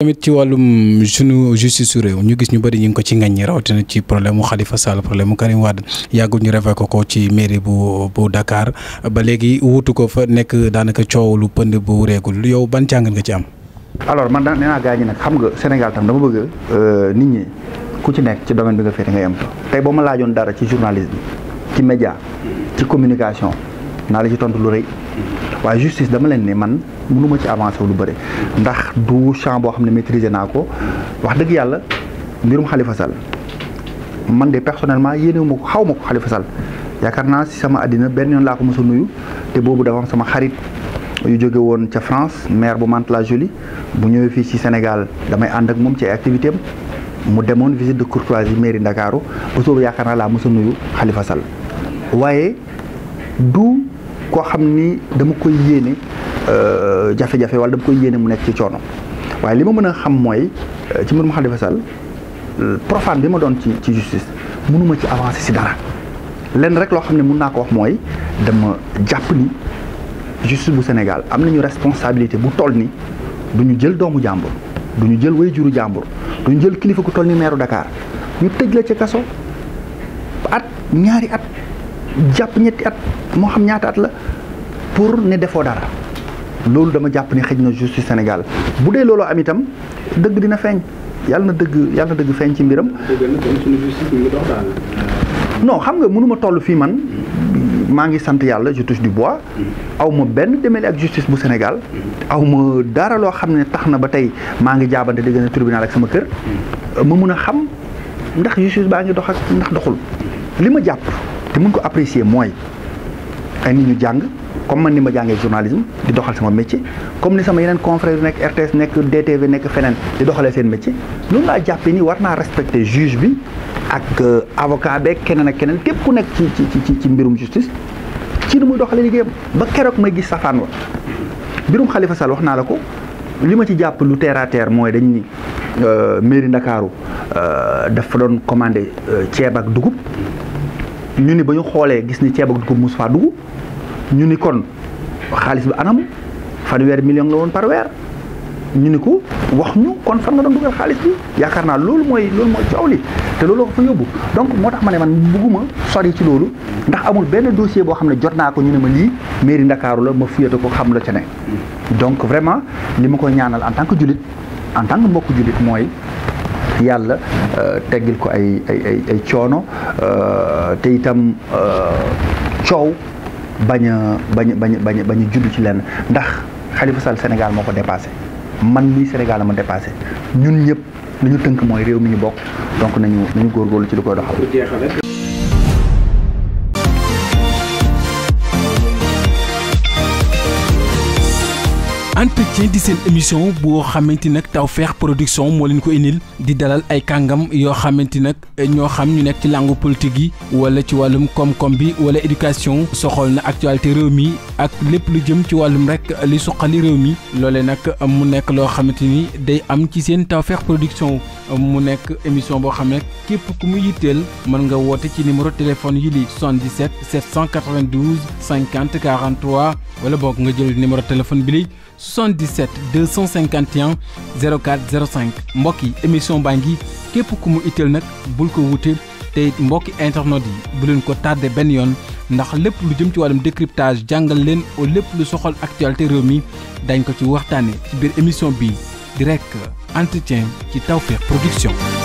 tamit ci wàllum sunu justice su réew ñu gis ñu bëri ñu ngi ko ci ngañ rawatina ci problème mu Khalifa Sall problème mu Karim Wade yàggul ñu refee ko ko ci mairie bu bu Dakar ba léegi wuutu ko fa nekk daanaka coow lu pënd bu réegul yow ban jàngat nga ci am. alors man da nee naa nag xam nga Sénégal tam dama bëgg euh, nit ñi ku ci nekk ci domaine bi nga féete nga yem fa tey boo ma laajoon dara ci journalisme ci média ci communication naa la ci tontu lu rëy. waaye justice dama leen ne man mënuma ci avancé wu lu bari ndax du champ boo xam ne maîtriser naa ko wax dëgg yàlla mbirum xalifa Sall man de personnellement yéenewuma ko xaw ma ko Khalifa Sall yaakaar naa si sama àddina benn yoon laa ko mos nuyu te boobu dafa am sama xarit yu jóge woon ca France maire bu Mantes-la-Jolie bu ñëwee fii ci Sénégal damay ànd ak moom ci ay activité am mu demoon visite de courtoisie mairie Ndakaaru ba soobu yaakaar naa laa mos nuyu Khalifa Sall koo xam ni dama koy yéene euh, jafe-jafe wala dama koy yéene mu nekk ci coono waaye li ma mën a xam mooy euh, ci mbirum Khalifa Sall euh, profane bi ma doon ci ci justice mënuma ci avancé si dara lenn rek loo xam ne mun naa ko wax mooy dama jàpp ni justice bu Sénégal am nañu responsabilité bu toll ni du ñu jël doomu jàmbur du ñu jël wayjuru jàmbur du ñu jël kilifa ku toll ni meeru Dakar ñu tëj la ci kaso at ñaari at. jàpp ñetti at moo xam ñaata at la pour ne defoo dara loolu dama jàpp ni xëj na justice Sénégal bu dee looloo am itam dëgg dina feeñ yàlla na dëgg yàlla dëgg feeñ ci mbiram. non xam nga mënuma toll fii man maa ngi sant yàlla je touche du bois aw ma benn demeli ak justice bu Sénégal aw ma dara loo xam ne tax na ba tey maa ngi jaabante dégg na tribunal ak sama kër ma mun a xam ndax justice baa ngi dox ak ndax doxul li ma jàpp. te mun ko apprécier mooy ay nit ñu jàng comme man ni ma jàngee journalisme di doxal sama métier comme ni sama yeneen confrères yu nekk RTS nekk DTV nekk feneen di doxalee seen métier noonu laa jàppee ni war naa respecter juge bi ak euh, avocat beeg keneen ak keneen képp ku nekk ci ci ci ci mbirum justice ci nu muy doxalee liggéeyam ba keroog may gis safaan wa mbirum xalifa sal wax naa la ko li ma ci jàpp lu terre à terre mooy dañ ni euh, mairie Ndakaaru euh, dafa doon commandé ceeb ak dugub. ñu ni ba ñu xoolee gis ni ceeb ak dugub mos faa dugg ñu ni kon xaalis bi anam fanweeri million la woon par weer ñu ni ko wax ñu kon fan nga doon dugal xaalis bi yaakaar naa loolu mooy loolu mooy coow li te loolu ko fa yóbbu donc moo tax ma ne man bugguma sori ci loolu ndax amul benn dossier boo xam ne jot naa ko ñu ne ma lii mairie Ndakaaru la ma fuyate ko xam la ca donc vraiment li ma koy ñaanal en tant que jullit en tant que mbokk jullit mooy yàlla euh, teggil ko ay ay ay ay coono euh, te itam euh, coow bañ a bañ bañ bañ bañ a judd ci lenn ndax Khalifa Sall senegal moo ko dépassé man mii Sénégal ma dépassé ñun ñëpp li ñu tënk mooy réew mi ñu bokk donc nañu nañu góorgóorlu ci li koy doxal entretien di seen émission boo xamante nag Tawfekh Production moo leen ko indil di dalal ay kàngam yoo xamante nag ñoo xam ñu nekk ci làngu politique yi wala ci wàllum koom-koom bi wala éducation soxool na actualité réew mi ak lépp lu jëm ci wàllum rek li suqali réew mi loole nag mu nekk loo xamante ni day am ci seen Tawfekh Production mu nekk émission boo xam ne képp ku mu yitteel mën nga woote ci numéro téléphone yi li 77 792 50 43 wala boog nga jël numéro téléphone bi li 77 251 04 05 mbokk yi émission baa ngi képp ku mu itteel nag bul ko wuute te mbokki internet yi bu leen ko tardé benn yoon ndax lépp lu jëm ci wàllum décryptage jàngal leen au lépp lu soxal actualité réew mi dañ ko ci waxtaane ci biir émission bi direct entretien ci Tawfekh Production